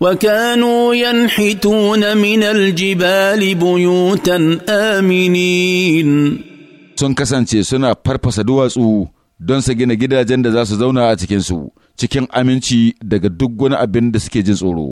وكانوا ينحتون من الجبال بيوتا آمنين sun kasance suna farfasa duwatsu don su gina gidajen da za su zauna a cikinsu cikin aminci daga duk wani abin da suke jin tsoro.